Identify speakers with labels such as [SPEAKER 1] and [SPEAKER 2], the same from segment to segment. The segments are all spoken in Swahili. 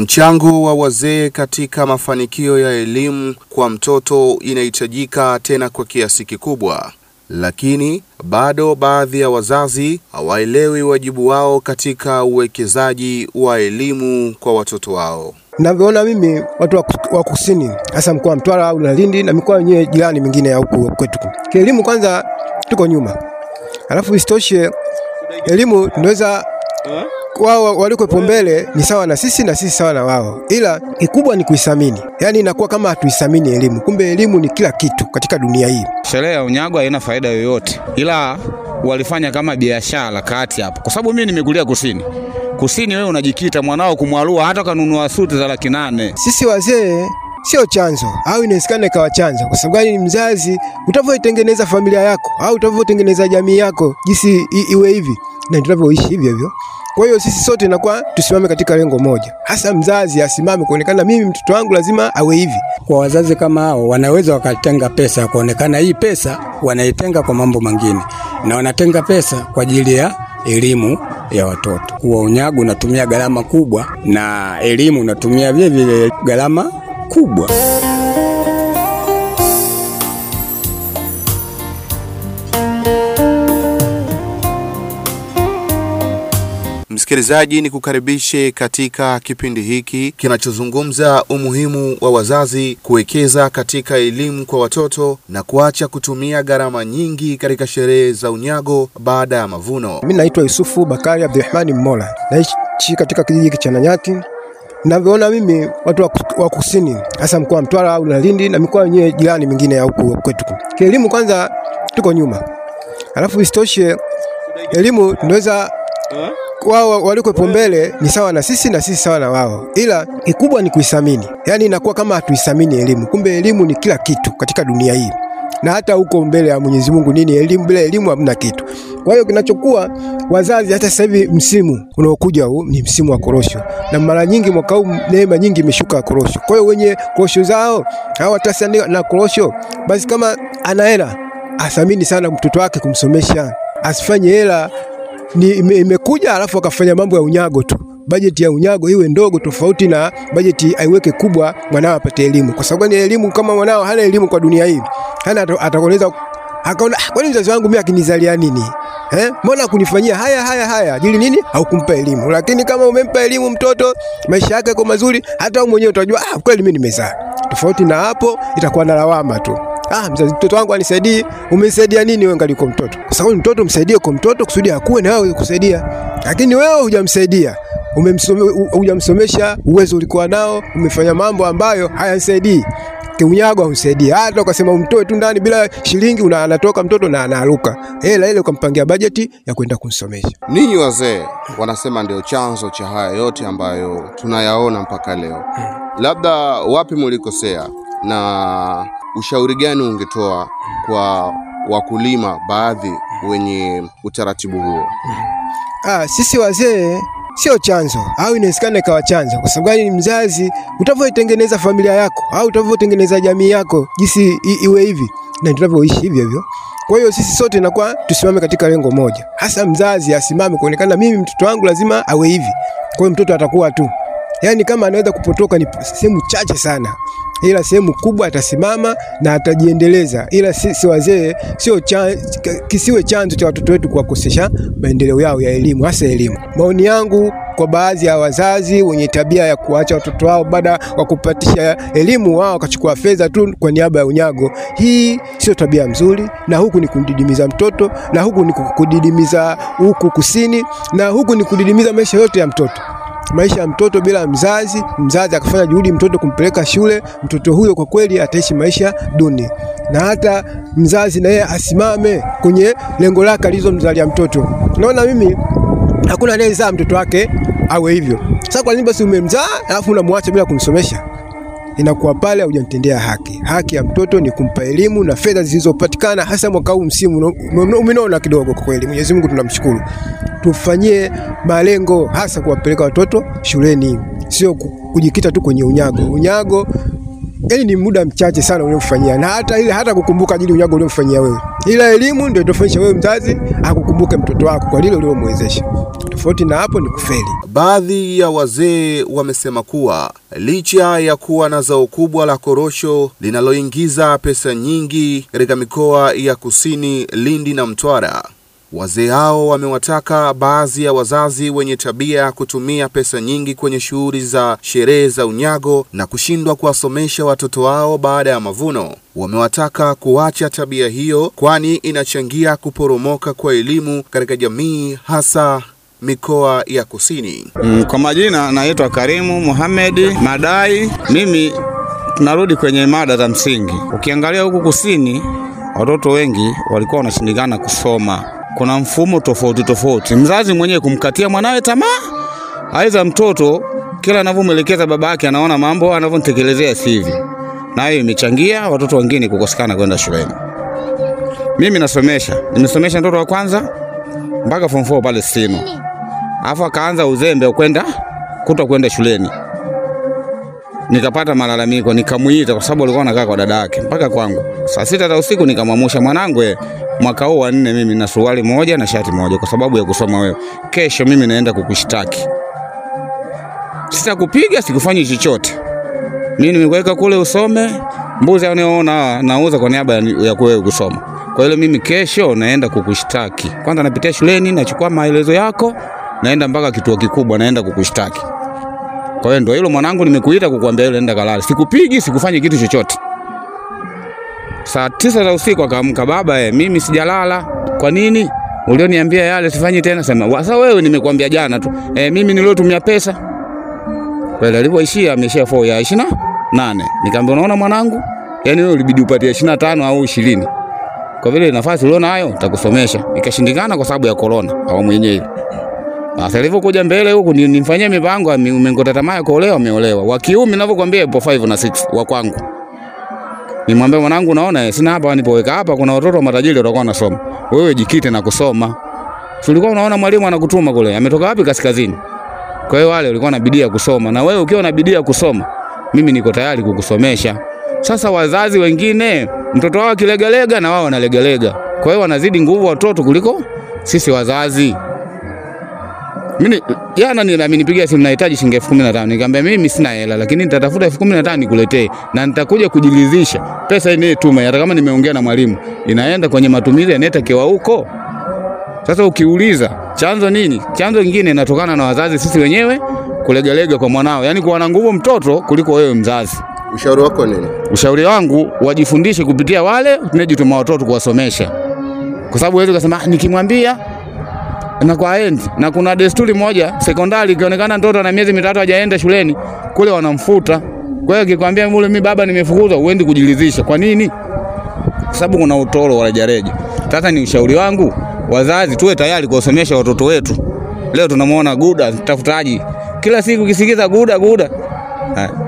[SPEAKER 1] Mchango wa wazee katika mafanikio ya elimu kwa mtoto inahitajika tena kwa kiasi kikubwa, lakini bado baadhi ya wazazi hawaelewi wajibu wao katika uwekezaji wa elimu kwa watoto wao.
[SPEAKER 2] Navyoona mimi watu wa kusini, hasa mkoa wa Mtwara au na Lindi na mikoa yenyewe jirani mingine ya huku kwetu, kielimu kwanza tuko nyuma, alafu isitoshe elimu tunaweza eh? wao walikuwepo mbele ni sawa na sisi na sisi sawa na wao, ila kikubwa ni kuisamini. Yaani inakuwa kama hatuisamini elimu, kumbe elimu ni kila kitu katika dunia hii.
[SPEAKER 3] Sherehe ya unyago haina faida yoyote, ila walifanya kama biashara kati hapo, kwa sababu mimi nimekulia kusini kusini. Wewe unajikita mwanao kumwalua, hata kanunua suti za laki nane.
[SPEAKER 2] Sisi wazee sio chanzo au inawezekana ikawa chanzo. Kwa sababu gani? Mzazi utavyotengeneza familia yako au utavyotengeneza jamii yako, jinsi iwe hivi na tunavyoishi hivyo hivyo. Kwa hiyo sisi sote inakuwa tusimame katika lengo moja, hasa mzazi
[SPEAKER 4] asimame kuonekana mimi mtoto wangu lazima awe hivi. Kwa wazazi kama hao, wanaweza wakatenga pesa kuonekana, hii pesa wanaitenga kwa mambo mengine, na wanatenga pesa kwa ajili ya elimu ya watoto. Kuwa unyago unatumia gharama kubwa, na elimu unatumia vile vile gharama kubwa.
[SPEAKER 1] Msikilizaji, ni kukaribishe katika kipindi hiki kinachozungumza umuhimu wa wazazi kuwekeza katika elimu kwa watoto na kuacha kutumia gharama nyingi katika sherehe za unyago baada ya mavuno. Mimi
[SPEAKER 2] naitwa Yusufu Bakari Abdurahmani mola naishi katika kijiji cha Nanyati Ninavyoona mimi watu wa kusini hasa mkoa wa Mtwara au na Lindi na mikoa yenyewe jirani mingine ya huku kwetu. Kielimu kwanza tuko nyuma. Alafu isitoshe elimu tunaweza wao walikuwepo mbele ni sawa na sisi na sisi sawa na wao, ila kikubwa ni kuisamini. Yaani inakuwa kama hatuisamini elimu, kumbe elimu ni kila kitu katika dunia hii na hata huko mbele ya Mwenyezi Mungu nini, elimu bila elimu hamna kitu. Kwa hiyo kinachokuwa wazazi, hata sasa hivi msimu unaokuja huu ni msimu wa korosho, na mara nyingi mwaka huu neema nyingi imeshuka korosho. Kwa hiyo wenye korosho zao hawatasiana na korosho, basi kama ana hela athamini sana mtoto wake kumsomesha, asifanye hela ni imekuja ime alafu akafanya mambo ya unyago tu bajeti ya unyago iwe ndogo, tofauti na bajeti aiweke kubwa, mwanao apate elimu, kwa sababu ni elimu. Kama mwanao hana elimu kwa dunia hii, hana atakoleza akaona ah, kwani mzazi wangu mimi akinizalia nini eh? Mbona kunifanyia haya haya haya? Jili nini? Haukumpa elimu. Lakini kama umempa elimu mtoto, maisha yake yako mazuri, hata wewe mwenyewe utajua ah, kweli mimi nimezaa. Tofauti na hapo, itakuwa na lawama tu. Ah, mzazi, mtoto wangu anisaidii. Umesaidia nini wewe ngaliko mtoto? Kwa sababu mtoto msaidie kwa mtoto kusudi akue na wewe kusaidia, lakini wewe hujamsaidia hujamsomesha, uwezo ulikuwa nao, umefanya mambo ambayo hayamsaidii Unyago amsaidie hata ukasema umtoe tu ndani bila shilingi, una anatoka mtoto na anaaruka hela ile, ukampangia bajeti ya kwenda kumsomesha.
[SPEAKER 1] Ninyi wazee wanasema ndio chanzo cha haya yote ambayo tunayaona mpaka leo, hmm. labda wapi mulikosea na ushauri gani ungetoa kwa wakulima baadhi wenye utaratibu huo? Hmm.
[SPEAKER 2] Ah, sisi wazee sio chanzo au inawezekana ikawa chanzo. Kwa sababu gani? Mzazi utavyoitengeneza familia yako au utavyotengeneza jamii yako, jinsi iwe hivi na tunavyoishi hivyo hivyo. Kwa hiyo sisi sote nakuwa tusimame katika lengo moja, hasa mzazi asimame kuonekana mimi mtoto wangu lazima awe hivi. Kwa hiyo mtoto atakuwa tu, yaani kama anaweza kupotoka ni sehemu chache sana ila sehemu kubwa atasimama na atajiendeleza, ila si wazee sio chan, kisiwe chanzo cha watoto wetu kuwakosesha maendeleo yao ya elimu, hasa elimu. Maoni yangu kwa baadhi ya wazazi wenye tabia ya kuacha watoto wao baada ya kupatisha elimu wao wakachukua fedha tu kwa niaba ya unyago, hii sio tabia mzuri, na huku ni kudidimiza mtoto, na huku ni kudidimiza huku kusini, na huku ni kudidimiza maisha yote ya mtoto maisha ya mtoto bila mzazi, mzazi akafanya juhudi mtoto kumpeleka shule, mtoto huyo kwa kweli ataishi maisha duni, na hata mzazi na asimame kwenye lengo lake alizomzalia mtoto. Naona mimi hakuna anayezaa mtoto wake awe hivyo. Sasa kwa nini basi umemzaa alafu unamwacha bila kumsomesha? inakuwa pale haujanitendea haki. Haki ya mtoto ni kumpa elimu na fedha zilizopatikana, hasa mwaka huu msimu umenona kidogo kwa kweli. Mwenyezi Mungu tunamshukuru, tufanyie malengo hasa kuwapeleka watoto shuleni, sio kujikita tu kwenye unyago. Unyago yani ni muda mchache sana uliofanyia, na hata ile hata kukumbuka
[SPEAKER 1] ajili unyago uliofanyia wewe, ila
[SPEAKER 2] elimu ndio itofanyisha wewe mzazi akukumbuke mtoto wako kwa lile
[SPEAKER 1] uliomwezesha. Tofauti na hapo ni kufeli. Baadhi ya wazee wamesema kuwa licha ya kuwa na zao kubwa la korosho linaloingiza pesa nyingi katika mikoa ya Kusini, Lindi na Mtwara Wazee hao wamewataka baadhi ya wazazi wenye tabia ya kutumia pesa nyingi kwenye shughuli za sherehe za unyago na kushindwa kuwasomesha watoto wao baada ya mavuno. Wamewataka kuacha tabia hiyo, kwani inachangia kuporomoka kwa elimu katika jamii, hasa mikoa ya kusini. Mm, kwa majina
[SPEAKER 3] naitwa Karimu
[SPEAKER 1] Mohamed
[SPEAKER 3] Madai. Mimi tunarudi kwenye mada za msingi. Ukiangalia huku kusini, watoto wengi walikuwa wanashindikana kusoma kuna mfumo tofauti tofauti. Mzazi mwenyewe kumkatia mwanawe tamaa, aidha mtoto kila anavyomwelekeza baba yake anaona mambo anavyomtekelezea sivi, na hiyo imechangia watoto wengine kukosekana kwenda shuleni. Mimi nasomesha, nimesomesha mtoto wa kwanza mpaka form 4 pale Sino, alafu akaanza uzembe kwenda kuto kwenda shuleni. Nikapata malalamiko, nikamuita kwa sababu alikuwa anakaa kwa dada yake mpaka kwangu. Saa sita za usiku nikamwamsha mwanangu, mwaka huu wa nne mimi na suruali moja na shati moja kwa sababu ya kusoma wewe. Kesho mimi naenda kukushtaki, sitakupiga, sikufanyi chochote. Mimi nimekuweka kule usome. Mbuzi anayoona nauza kwa niaba ya wewe kusoma. Kwa hiyo mimi kesho naenda kukushtaki. Kwanza napitia shuleni, nachukua maelezo yako, naenda mpaka kituo kikubwa, naenda kukushtaki. Kwa hiyo ndio hilo mwanangu, nimekuita kukuambia ile, nenda kalala. Sikupigi, sikufanyi kitu chochote. Saa tisa za usiku akaamka, baba eh, mimi sijalala. Kwa nini? Ulioniambia yale sifanyi tena. Sema sasa wewe, nimekuambia jana tu eh, mimi niliotumia pesa kweli. Alipoishia ameishia fo ya ishirini na nane. Nikamwambia unaona mwanangu, yani wewe ulibidi upatie ishirini na tano au ishirini kwa vile nafasi uliona nayo nitakusomesha. Ikashindikana kwa sababu ya korona awamu yenyewe. Sasa ilivyokuja mbele huku nimfanyia mipango, umengota tamaa ya kuolewa, ameolewa. Wa kiume ninavyokuambia ipo 5 na 6 wa kwangu. Nimwambia mwanangu, unaona eh, sina hapa, nipoweka hapa kuna watoto matajiri watakuwa wanasoma, wewe jikite na kusoma. Tulikuwa unaona mwalimu anakutuma kule, ametoka wapi? Kaskazini. Kwa hiyo wale walikuwa na bidii ya kusoma, na wewe ukiwa na bidii ya kusoma, mimi niko tayari kukusomesha. Sasa wazazi wengine mtoto wao akilegalega, na wao wanalegalega, kwa hiyo wanazidi nguvu watoto kuliko sisi wazazi. Mimi jana ni amenipigia simu nahitaji shilingi elfu kumi na tano. Nikamwambia mimi sina hela lakini nitatafuta elfu kumi na tano nikuletee na nitakuja kujiridhisha. Pesa ile tuma hata kama nimeongea na mwalimu inaenda kwenye matumizi yanayetakiwa huko. Sasa ukiuliza chanzo nini? Chanzo kingine inatokana na wazazi sisi wenyewe kulegalega kwa mwanao. Yaani kuwa na nguvu mtoto kuliko wewe mzazi.
[SPEAKER 1] Ushauri wako nini?
[SPEAKER 3] Ushauri wangu wajifundishe kupitia wale tunajituma watoto kuwasomesha. Kwa sababu wewe ukasema ah, nikimwambia na kwa enzi. Na kuna desturi moja sekondari, ikionekana mtoto ana miezi mitatu hajaenda shuleni kule wanamfuta. Kwa hiyo akikwambia mule mimi baba nimefukuzwa, uendi kujiridhisha. Kwa nini? Kwa sababu kuna utoro wa rejareja. Sasa ni ushauri wangu, wazazi tuwe tayari kuwasomesha watoto wetu. Leo tunamwona Guda mtafutaji, kila siku kisikiza Guda Guda,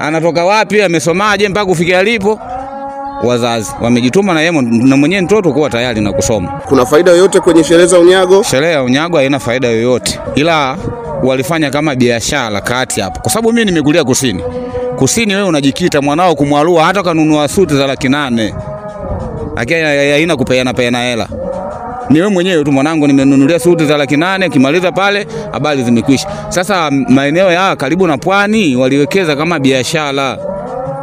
[SPEAKER 3] anatoka wapi, amesomaje mpaka kufikia alipo wazazi wamejituma na yeye na mwenyewe mtoto kuwa tayari na kusoma. Kuna faida yoyote kwenye sherehe za unyago? Sherehe ya unyago haina faida yoyote, ila walifanya kama biashara kati hapo, kwa sababu mimi nimekulia kusini. Kusini wewe unajikita mwanao kumwalua, hata kanunua suti za laki nane lakini haina kupeana peana hela ni wewe mwenyewe tu mwanangu, nimenunulia suti za laki nane. Kimaliza pale, habari zimekwisha. Sasa maeneo ya karibu na pwani waliwekeza kama biashara.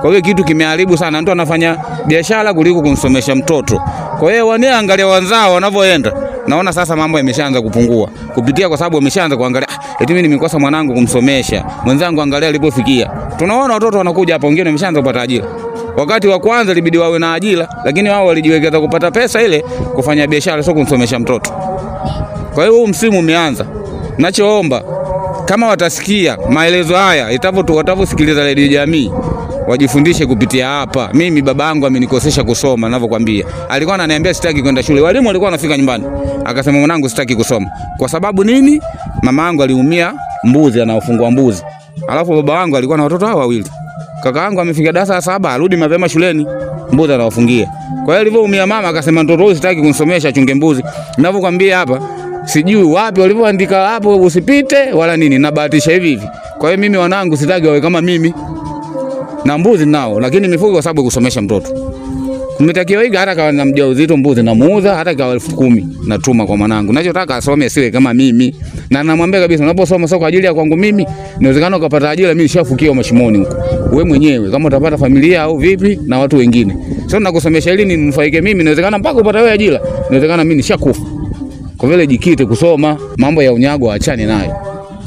[SPEAKER 3] Kwa hiyo kitu kimeharibu sana, mtu anafanya biashara kuliko kumsomesha mtoto. Kwa hiyo wanie, angalia wanzao wanavyoenda, naona sasa mambo yameshaanza kupungua kupitia, kwa sababu wameshaanza kuangalia, ah, eti mimi nimekosa mwanangu kumsomesha, mwenzangu angalia alipofikia. Tunaona watoto wanakuja hapa, wengine wameshaanza kupata ajira wakati wa kwanza ilibidi wawe na ajira, lakini wao walijiwekeza kupata pesa ile kufanya biashara, sio kumsomesha mtoto. Kwa hiyo huu msimu umeanza, nachoomba kama watasikia maelezo haya itavyo watavyosikiliza redio jamii, wajifundishe kupitia hapa. Mimi baba yangu amenikosesha kusoma, ninavyokuambia alikuwa ananiambia sitaki kwenda shule, walimu walikuwa wanafika nyumbani, akasema mwanangu, sitaki kusoma. Kwa sababu nini? Mama yangu aliumia mbuzi, anaofungua mbuzi, alafu baba yangu alikuwa na watoto hao wawili, kaka yangu amefika darasa la saba, arudi mapema shuleni, mbuzi anawafungia. Kwa hiyo alivyoumia mama akasema, mtoto huyu sitaki kumsomesha, chunge mbuzi. Ninavyokuambia hapa sijui wapi walivyoandika hapo usipite wala nini, nabahatisha hivi hivi. Kwa hiyo mimi wanangu sitaki wawe kama mimi na mbuzi nao, lakini mifugo kwa sababu kusomesha mtoto umetakiwa higa hata kawa na mjauzito mbuzi namuuza, hata kawa elfu kumi natuma kwa mwanangu. Nachotaka asome asiwe kama mimi, na namwambia kabisa, unaposoma sio kwa ajili ya kwangu mimi. Inawezekana ukapata ajira, mimi nishafukia mashimoni huko, wewe mwenyewe kama utapata familia au vipi na watu wengine. Sio nakusomesha ili ninufaike mimi, inawezekana mpaka upata wewe ajira, inawezekana mimi nishakufa. Kwa vile jikite kusoma, mambo ya unyago achane nayo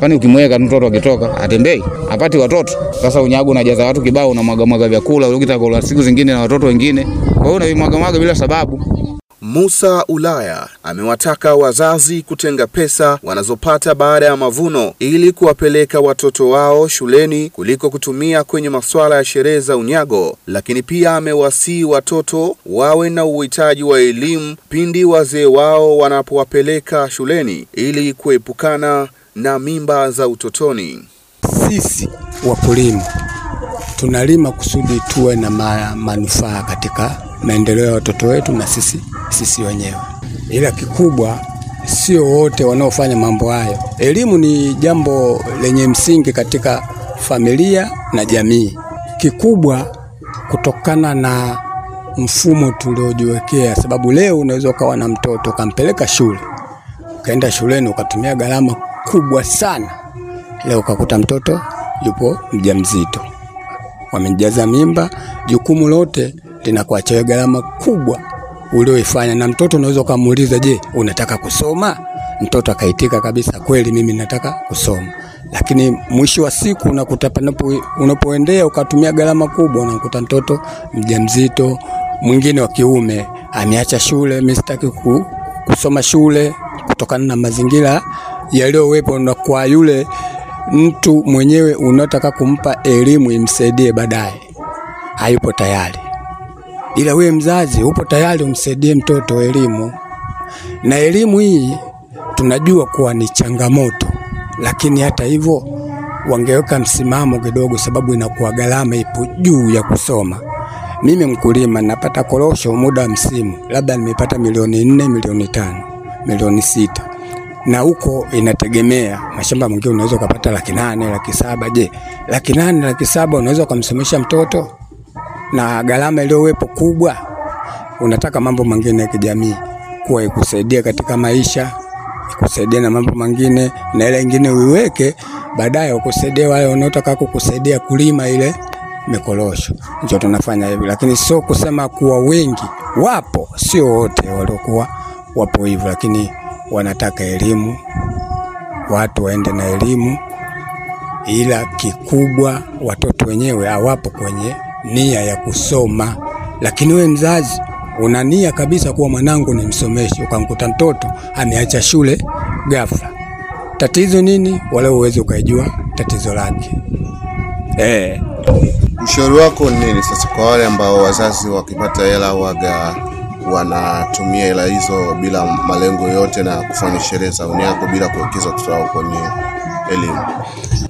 [SPEAKER 3] kwani ukimweka mtoto akitoka atembei, apati watoto. Sasa unyago unajaza watu kibao, unamwaga mwaga vyakula ukitaka siku zingine na watoto wengine, kwa
[SPEAKER 1] hiyo unavimwaga mwaga bila sababu. Musa Ulaya amewataka wazazi kutenga pesa wanazopata baada ya mavuno ili kuwapeleka watoto wao shuleni kuliko kutumia kwenye masuala ya sherehe za unyago, lakini pia amewasii watoto wawe na uhitaji wa elimu pindi wazee wao wanapowapeleka shuleni ili kuepukana na mimba za utotoni.
[SPEAKER 4] Sisi wakulima tunalima kusudi tuwe na ma, manufaa katika maendeleo ya watoto wetu na sisi sisi wenyewe, ila kikubwa sio wote wanaofanya mambo hayo. Elimu ni jambo lenye msingi katika familia na jamii, kikubwa kutokana na mfumo tuliojiwekea, sababu leo unaweza ukawa na mtoto ukampeleka shule, ukaenda shuleni ukatumia gharama kubwa sana. Leo ukakuta mtoto yupo mjamzito, wamejaza mimba, jukumu lote linakuachia wewe gharama kubwa ulioifanya, na mtoto unaweza ukamuuliza, je, unataka kusoma? Mtoto akaitika kabisa, kweli mimi nataka kusoma lakini mwisho wa siku unakuta unapoendea ukatumia gharama kubwa, unakuta mtoto mjamzito mwingine wa kiume ameacha shule, mimi sitaki kusoma shule kutokana na mazingira yaliyowepo na kwa yule mtu mwenyewe unataka kumpa elimu imsaidie baadaye, hayupo tayari. Ila wewe mzazi upo tayari umsaidie mtoto elimu, na elimu hii tunajua kuwa ni changamoto, lakini hata hivyo wangeweka msimamo kidogo, sababu inakuwa gharama ipo juu ya kusoma. Mimi mkulima napata korosho muda wa msimu, labda nimepata milioni nne, milioni tano, milioni sita na huko inategemea mashamba mengine unaweza ukapata laki nane laki saba je laki nane laki saba unaweza ukamsomesha mtoto na gharama iliyowepo kubwa unataka mambo mengine ya kijamii kuwa ikusaidia katika maisha ikusaidia na mambo mengine na ile ingine uiweke baadaye ukusaidia wale wanaotaka kukusaidia kulima ile mikorosho ndio tunafanya hivi lakini sio kusema kuwa wengi wapo sio wote waliokuwa wapo hivyo lakini wanataka elimu, watu waende na elimu, ila kikubwa watoto wenyewe hawapo kwenye nia ya kusoma. Lakini we mzazi una nia kabisa kuwa mwanangu ni msomeshi, ukamkuta mtoto ameacha shule ghafla. Tatizo nini? Wala uwezi ukaijua tatizo lake.
[SPEAKER 1] Eh, ushauri wako nini sasa kwa wale ambao wazazi wakipata hela waga wanatumia hela hizo bila malengo yote na kufanya sherehe za yako bila kuwekeza kutoka kwenye elimu.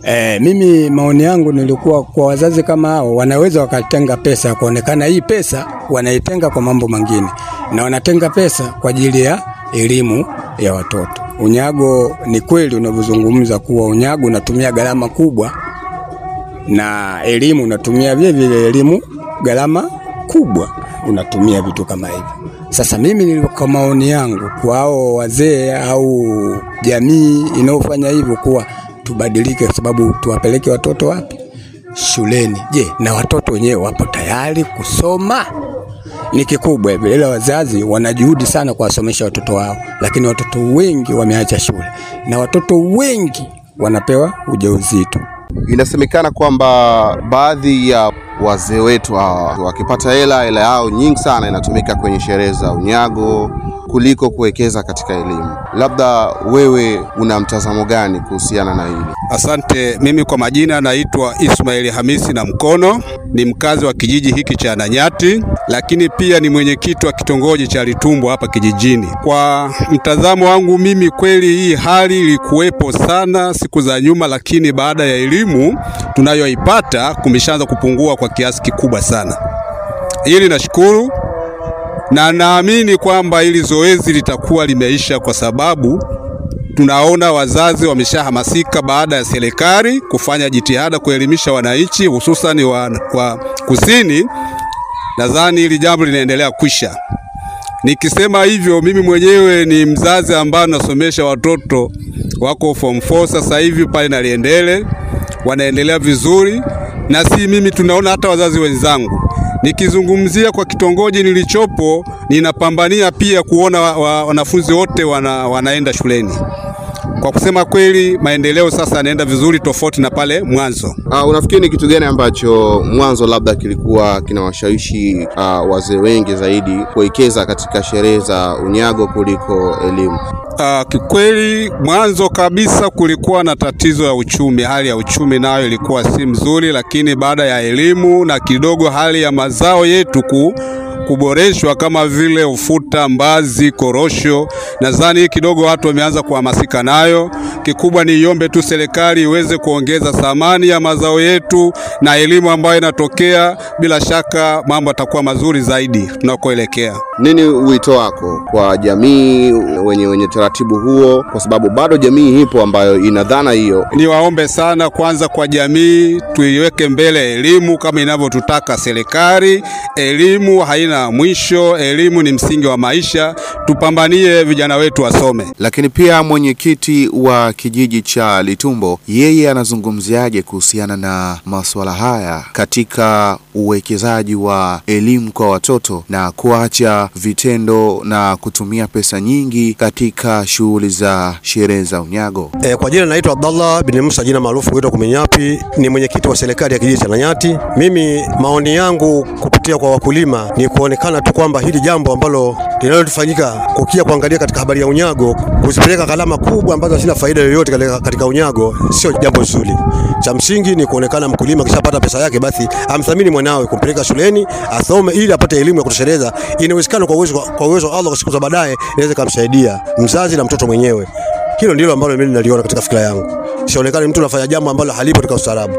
[SPEAKER 1] E,
[SPEAKER 4] mimi maoni yangu nilikuwa kwa wazazi kama hao wanaweza wakatenga pesa, kuonekana hii pesa wanaitenga kwa mambo mengine, na wanatenga pesa kwa ajili ya elimu ya watoto. Unyago ni kweli unavyozungumza kuwa unyago unatumia gharama kubwa, na elimu unatumia vile vile elimu gharama kubwa, unatumia vitu kama hivyo. Sasa mimi kwa maoni yangu, kwa wazee au jamii inayofanya hivyo, kuwa tubadilike, kwa sababu tuwapeleke watoto wapi? Shuleni. Je, na watoto wenyewe wapo tayari kusoma? Ni kikubwa hivyo, ila wazazi wanajuhudi sana kuwasomesha watoto wao, lakini watoto wengi wameacha shule na watoto
[SPEAKER 1] wengi wanapewa ujauzito. Inasemekana kwamba baadhi ya wazee wetu hawa wakipata hela, hela yao nyingi sana inatumika kwenye sherehe za unyago kuliko kuwekeza katika elimu. Labda wewe una mtazamo gani kuhusiana na hili?
[SPEAKER 5] Asante. Mimi kwa majina naitwa Ismaili Hamisi na Mkono, ni mkazi wa kijiji hiki cha Nanyati, lakini pia ni mwenyekiti wa kitongoji cha Litumbwa hapa kijijini. Kwa mtazamo wangu mimi, kweli hii hali ilikuwepo sana siku za nyuma, lakini baada ya elimu tunayoipata kumeshaanza kupungua kwa kiasi kikubwa sana. Hili nashukuru na naamini kwamba hili zoezi litakuwa limeisha, kwa sababu tunaona wazazi wameshahamasika baada ya serikali kufanya jitihada kuelimisha wananchi hususani wa, wa kusini. Nadhani hili jambo linaendelea kwisha. Nikisema hivyo, mimi mwenyewe ni mzazi ambaye nasomesha watoto wako form 4 sasa hivi pale Naliendele, wanaendelea vizuri, na si mimi, tunaona hata wazazi wenzangu Nikizungumzia kwa kitongoji nilichopo, ninapambania pia kuona wanafunzi wa, wa, wote wana, wanaenda shuleni. Kwa kusema kweli, maendeleo sasa yanaenda vizuri tofauti na pale mwanzo.
[SPEAKER 1] Uh, unafikiri ni kitu gani ambacho mwanzo labda kilikuwa kinawashawishi uh, wazee wengi zaidi kuwekeza katika sherehe za unyago kuliko elimu? Uh, kikweli mwanzo kabisa
[SPEAKER 5] kulikuwa na tatizo ya uchumi, hali ya uchumi nayo ilikuwa si mzuri, lakini baada ya elimu na kidogo hali ya mazao yetu ku kuboreshwa kama vile ufuta, mbazi, korosho. Nadhani hii kidogo watu wameanza kuhamasika nayo. Kikubwa niiombe tu serikali iweze kuongeza thamani ya mazao yetu na elimu ambayo inatokea, bila shaka mambo yatakuwa mazuri zaidi tunakoelekea.
[SPEAKER 1] Nini wito wako kwa jamii wenye wenye taratibu huo, kwa sababu bado jamii ipo ambayo ina dhana hiyo?
[SPEAKER 5] Niwaombe sana kwanza, kwa jamii tuiweke mbele elimu kama inavyotutaka serikali. Elimu haina mwisho, elimu ni msingi wa
[SPEAKER 1] maisha. Tupambanie vijana wetu wasome. Lakini pia mwenyekiti wa kijiji cha Litumbo, yeye anazungumziaje kuhusiana na masuala haya katika uwekezaji wa elimu kwa watoto na kuacha vitendo na kutumia pesa nyingi katika shughuli za sherehe za unyago.
[SPEAKER 6] E, kwa jina naitwa Abdallah bin Musa, jina maarufu huitwa Kuminyapi, ni mwenyekiti wa serikali ya kijiji cha Nanyati. Mimi maoni yangu kupitia kwa wakulima ni kuonekana tu kwamba hili jambo ambalo linalotufanyika kukia kuangalia katika habari ya unyago kuzipeleka gharama kubwa ambazo hazina faida yoyote katika unyago sio jambo zuri. Cha msingi ni kuonekana mkulima kishapata pesa yake, basi amthamini mwanawe kumpeleka shuleni asome ili apate elimu ya kutosheleza. Inawezekana kwa uwezo kwa uwezo Allah, kwa siku za baadaye inaweza kumsaidia mzazi na mtoto mwenyewe. Hilo ndilo ambalo mimi naliona katika fikra yangu. Sionekane mtu anafanya jambo ambalo halipo katika ustaarabu.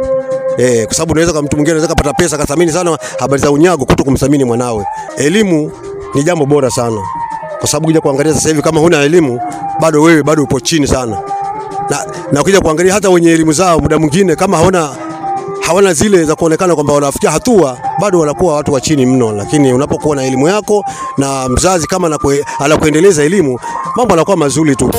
[SPEAKER 6] Eh, kwa sababu unaweza kama mtu mwingine anaweza kupata pesa akathamini sana habari za unyago kuto kumthamini mwanawe. Elimu ni jambo bora sana. Kwa sababu kuja kuangalia sasa hivi kama huna elimu bado wewe bado upo chini sana na, na ukija kuangalia hata wenye elimu zao muda mwingine kama hawana hawana zile za kuonekana kwamba wanafikia hatua, bado wanakuwa watu wa chini mno. Lakini unapokuwa na elimu yako na mzazi kama anakuendeleza elimu, mambo yanakuwa mazuri tu.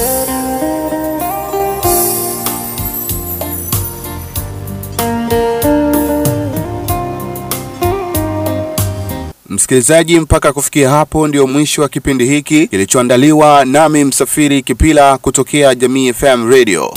[SPEAKER 1] Msikilizaji, mpaka kufikia hapo ndio mwisho wa kipindi hiki kilichoandaliwa nami Msafiri Kipila kutokea Jamii FM Radio.